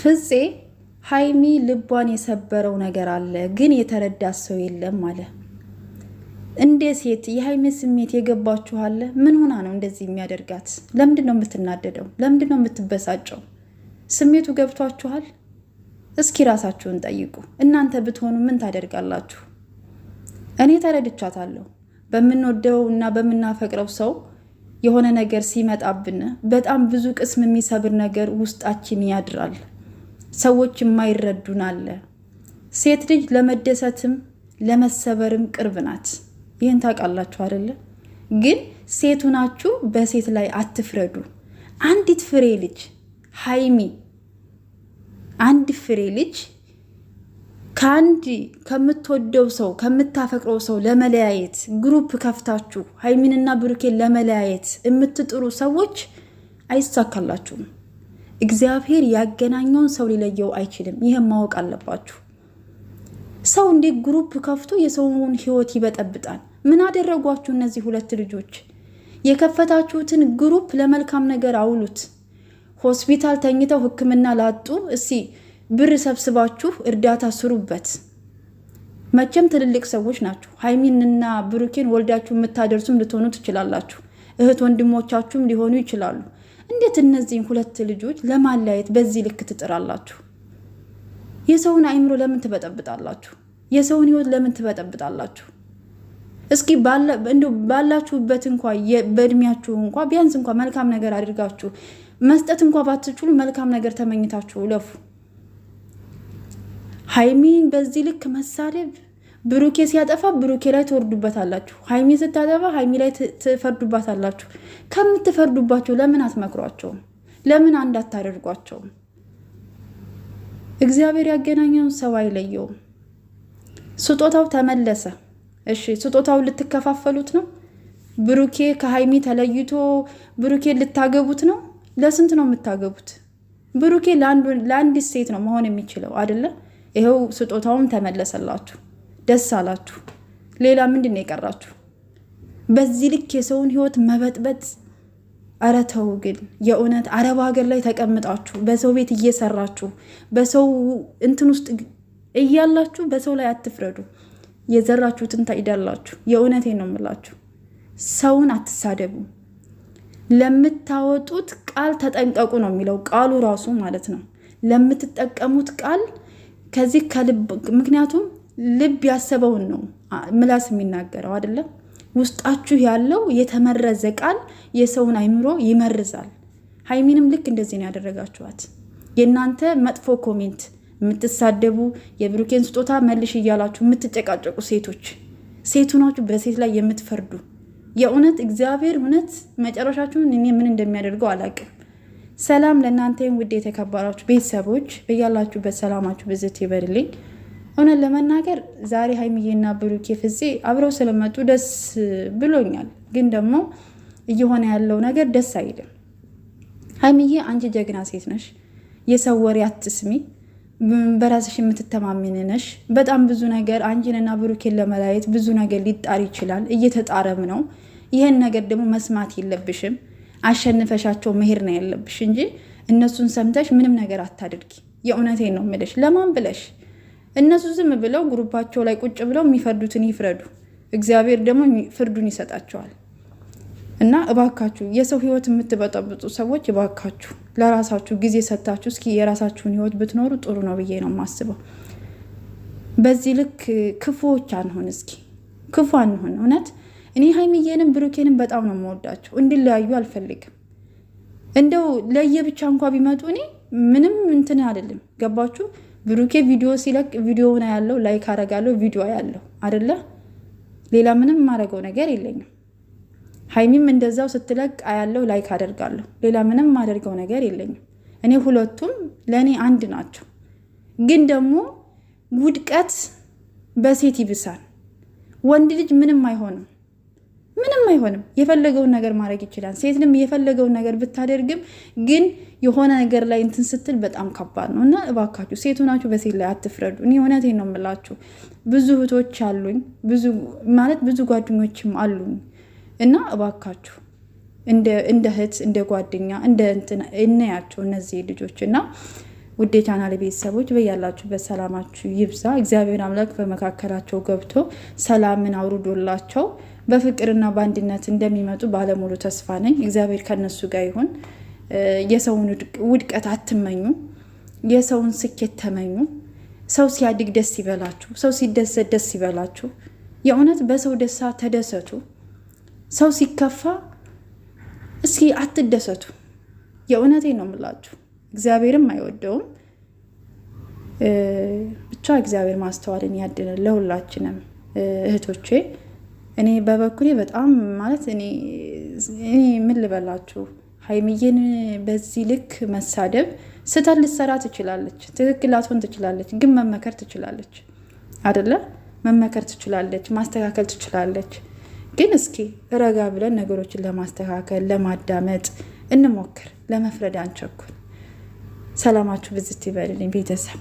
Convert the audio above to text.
ፍፄ ሀይሚ ልቧን የሰበረው ነገር አለ፣ ግን የተረዳት ሰው የለም አለ። እንደ ሴት የሀይሚ ስሜት የገባችኋለ? ምን ሆና ነው እንደዚህ የሚያደርጋት? ለምንድን ነው የምትናደደው? ለምንድን ነው የምትበሳጨው? ስሜቱ ገብቷችኋል? እስኪ ራሳችሁን ጠይቁ። እናንተ ብትሆኑ ምን ታደርጋላችሁ? እኔ ተረድቻታለሁ። በምንወደው እና በምናፈቅረው ሰው የሆነ ነገር ሲመጣብን በጣም ብዙ ቅስም የሚሰብር ነገር ውስጣችን ያድራል። ሰዎች የማይረዱን አለ። ሴት ልጅ ለመደሰትም ለመሰበርም ቅርብ ናት። ይህን ታውቃላችሁ አይደለ? ግን ሴቱ ናችሁ፣ በሴት ላይ አትፍረዱ። አንዲት ፍሬ ልጅ ሀይሚ፣ አንድ ፍሬ ልጅ ከአንድ ከምትወደው ሰው ከምታፈቅረው ሰው ለመለያየት ግሩፕ ከፍታችሁ ሀይሚንና ብሩኬን ለመለያየት የምትጥሩ ሰዎች አይሳካላችሁም። እግዚአብሔር ያገናኘውን ሰው ሊለየው አይችልም። ይህም ማወቅ አለባችሁ። ሰው እንዴት ግሩፕ ከፍቶ የሰውን ህይወት ይበጠብጣል? ምን አደረጓችሁ እነዚህ ሁለት ልጆች? የከፈታችሁትን ግሩፕ ለመልካም ነገር አውሉት። ሆስፒታል ተኝተው ህክምና ላጡ እስቲ ብር ሰብስባችሁ እርዳታ ስሩበት። መቼም ትልልቅ ሰዎች ናችሁ። ሀይሚንና ብሩኬን ወልዳችሁ የምታደርሱም ልትሆኑ ትችላላችሁ። እህት ወንድሞቻችሁም ሊሆኑ ይችላሉ። እንዴት እነዚህን ሁለት ልጆች ለማለያየት በዚህ ልክ ትጥራላችሁ? የሰውን አይምሮ ለምን ትበጠብጣላችሁ? የሰውን ህይወት ለምን ትበጠብጣላችሁ? እስኪ እንዲያው ባላችሁበት እንኳ በእድሜያችሁ እንኳ ቢያንስ እንኳ መልካም ነገር አድርጋችሁ መስጠት እንኳ ባትችሉ መልካም ነገር ተመኝታችሁ ለፉ። ሀይሚን በዚህ ልክ መሳደብ ብሩኬ ሲያጠፋ ብሩኬ ላይ ትወርዱበታላችሁ፣ ሀይሚ ስታጠፋ ሀይሚ ላይ ትፈርዱባታላችሁ። ከምትፈርዱባቸው ለምን አትመክሯቸውም? ለምን አንድ አታደርጓቸውም? እግዚአብሔር ያገናኘውን ሰው አይለየውም። ስጦታው ተመለሰ። እሺ ስጦታው ልትከፋፈሉት ነው? ብሩኬ ከሀይሚ ተለይቶ ብሩኬ ልታገቡት ነው? ለስንት ነው የምታገቡት? ብሩኬ ለአንድ ሴት ነው መሆን የሚችለው አይደለ ይኸው ስጦታውም ተመለሰላችሁ። ደስ አላችሁ። ሌላ ምንድን ነው የቀራችሁ? በዚህ ልክ የሰውን ህይወት መበጥበጥ ኧረ ተው ግን የእውነት አረብ ሀገር ላይ ተቀምጣችሁ በሰው ቤት እየሰራችሁ በሰው እንትን ውስጥ እያላችሁ በሰው ላይ አትፍረዱ። የዘራችሁትን ታጭዳላችሁ። የእውነቴ ነው የምላችሁ። ሰውን አትሳደቡ። ለምታወጡት ቃል ተጠንቀቁ ነው የሚለው ቃሉ ራሱ ማለት ነው። ለምትጠቀሙት ቃል ከዚህ ከልብ ምክንያቱም ልብ ያሰበውን ነው ምላስ የሚናገረው አይደለም። ውስጣችሁ ያለው የተመረዘ ቃል የሰውን አይምሮ ይመርዛል። ሀይሚንም ልክ እንደዚህ ነው ያደረጋችኋት። የእናንተ መጥፎ ኮሜንት የምትሳደቡ የብሩኬን ስጦታ መልሽ እያላችሁ የምትጨቃጨቁ ሴቶች ሴቱ ናችሁ፣ በሴት ላይ የምትፈርዱ የእውነት እግዚአብሔር እውነት መጨረሻችሁን እኔ ምን እንደሚያደርገው አላውቅም። ሰላም ለእናንተ ውድ የተከበራችሁ ቤተሰቦች፣ በያላችሁበት ሰላማችሁ ብዝት ይበርልኝ። እውነት ለመናገር ዛሬ ሀይሚዬና ብሩኬ ፍፄ አብረው ስለመጡ ደስ ብሎኛል። ግን ደግሞ እየሆነ ያለው ነገር ደስ አይልም። ሀይሚዬ አንቺ ጀግና ሴት ነሽ፣ የሰው ወሬ አትስሚ፣ በራስሽ የምትተማመን ነሽ። በጣም ብዙ ነገር አንቺንና ብሩኬን ለመለያየት ብዙ ነገር ሊጣር ይችላል፣ እየተጣረም ነው። ይህን ነገር ደግሞ መስማት የለብሽም። አሸንፈሻቸው መሄድ ነው ያለብሽ እንጂ እነሱን ሰምተሽ ምንም ነገር አታድርጊ። የእውነቴን ነው የምልሽ ለማን ብለሽ እነሱ ዝም ብለው ግሩፓቸው ላይ ቁጭ ብለው የሚፈርዱትን ይፍረዱ፣ እግዚአብሔር ደግሞ ፍርዱን ይሰጣቸዋል። እና እባካችሁ የሰው ህይወት የምትበጠብጡ ሰዎች እባካችሁ ለራሳችሁ ጊዜ ሰጥታችሁ እስኪ የራሳችሁን ህይወት ብትኖሩ ጥሩ ነው ብዬ ነው የማስበው። በዚህ ልክ ክፉዎች አንሆን፣ እስኪ ክፉ አንሆን። እውነት እኔ ሀይሚዬንም ብሩኬንም በጣም ነው የምወዳቸው፣ እንዲለያዩ አልፈልግም። እንደው ለየብቻ እንኳ ቢመጡ እኔ ምንም እንትን አይደለም። ገባችሁ? ብሩኬ ቪዲዮ ሲለቅ ቪዲዮውን ያለው ላይክ አረጋለሁ፣ ቪዲዮ ያለው አደለ። ሌላ ምንም ማድረገው ነገር የለኝም። ሀይሚም እንደዛው ስትለቅ አያለው፣ ላይክ አደርጋለሁ። ሌላ ምንም ማደርገው ነገር የለኝም። እኔ ሁለቱም ለእኔ አንድ ናቸው። ግን ደግሞ ውድቀት በሴት ይብሳል። ወንድ ልጅ ምንም አይሆንም። ምንም አይሆንም። የፈለገውን ነገር ማድረግ ይችላል። ሴትንም የፈለገውን ነገር ብታደርግም ግን የሆነ ነገር ላይ እንትን ስትል በጣም ከባድ ነው እና እባካችሁ ሴቱ ናችሁ በሴት ላይ አትፍረዱ። እኔ እውነቴን ነው የምላችሁ። ብዙ እህቶች አሉኝ ማለት ብዙ ጓደኞችም አሉኝ እና እባካችሁ እንደ እህት እንደ ጓደኛ እንደ እንትን እናያቸው እነዚህ ልጆች እና ውድ የቻናል ቤተሰቦች በያላችሁበት ሰላማችሁ ይብዛ። እግዚአብሔር አምላክ በመካከላቸው ገብቶ ሰላምን አውርዶላቸው በፍቅርና በአንድነት እንደሚመጡ ባለሙሉ ተስፋ ነኝ። እግዚአብሔር ከነሱ ጋር ይሁን። የሰውን ውድቀት አትመኙ፣ የሰውን ስኬት ተመኙ። ሰው ሲያድግ ደስ ይበላችሁ፣ ሰው ሲደሰት ደስ ይበላችሁ። የእውነት በሰው ደስታ ተደሰቱ። ሰው ሲከፋ እስኪ አትደሰቱ። የእውነቴ ነው የምላችሁ። እግዚአብሔርም አይወደውም። ብቻ እግዚአብሔር ማስተዋልን ያድልን ለሁላችንም እህቶቼ። እኔ በበኩሌ በጣም ማለት እኔ ምን ልበላችሁ ሀይሚዬን በዚህ ልክ መሳደብ ስተት ልትሰራ ትችላለች፣ ትክክል ላትሆን ትችላለች፣ ግን መመከር ትችላለች አደለ? መመከር ትችላለች፣ ማስተካከል ትችላለች። ግን እስኪ ረጋ ብለን ነገሮችን ለማስተካከል ለማዳመጥ እንሞክር፣ ለመፍረድ አንቸኩል። ሰላማችሁ ብዝት ይበልልኝ ቤተሰብ።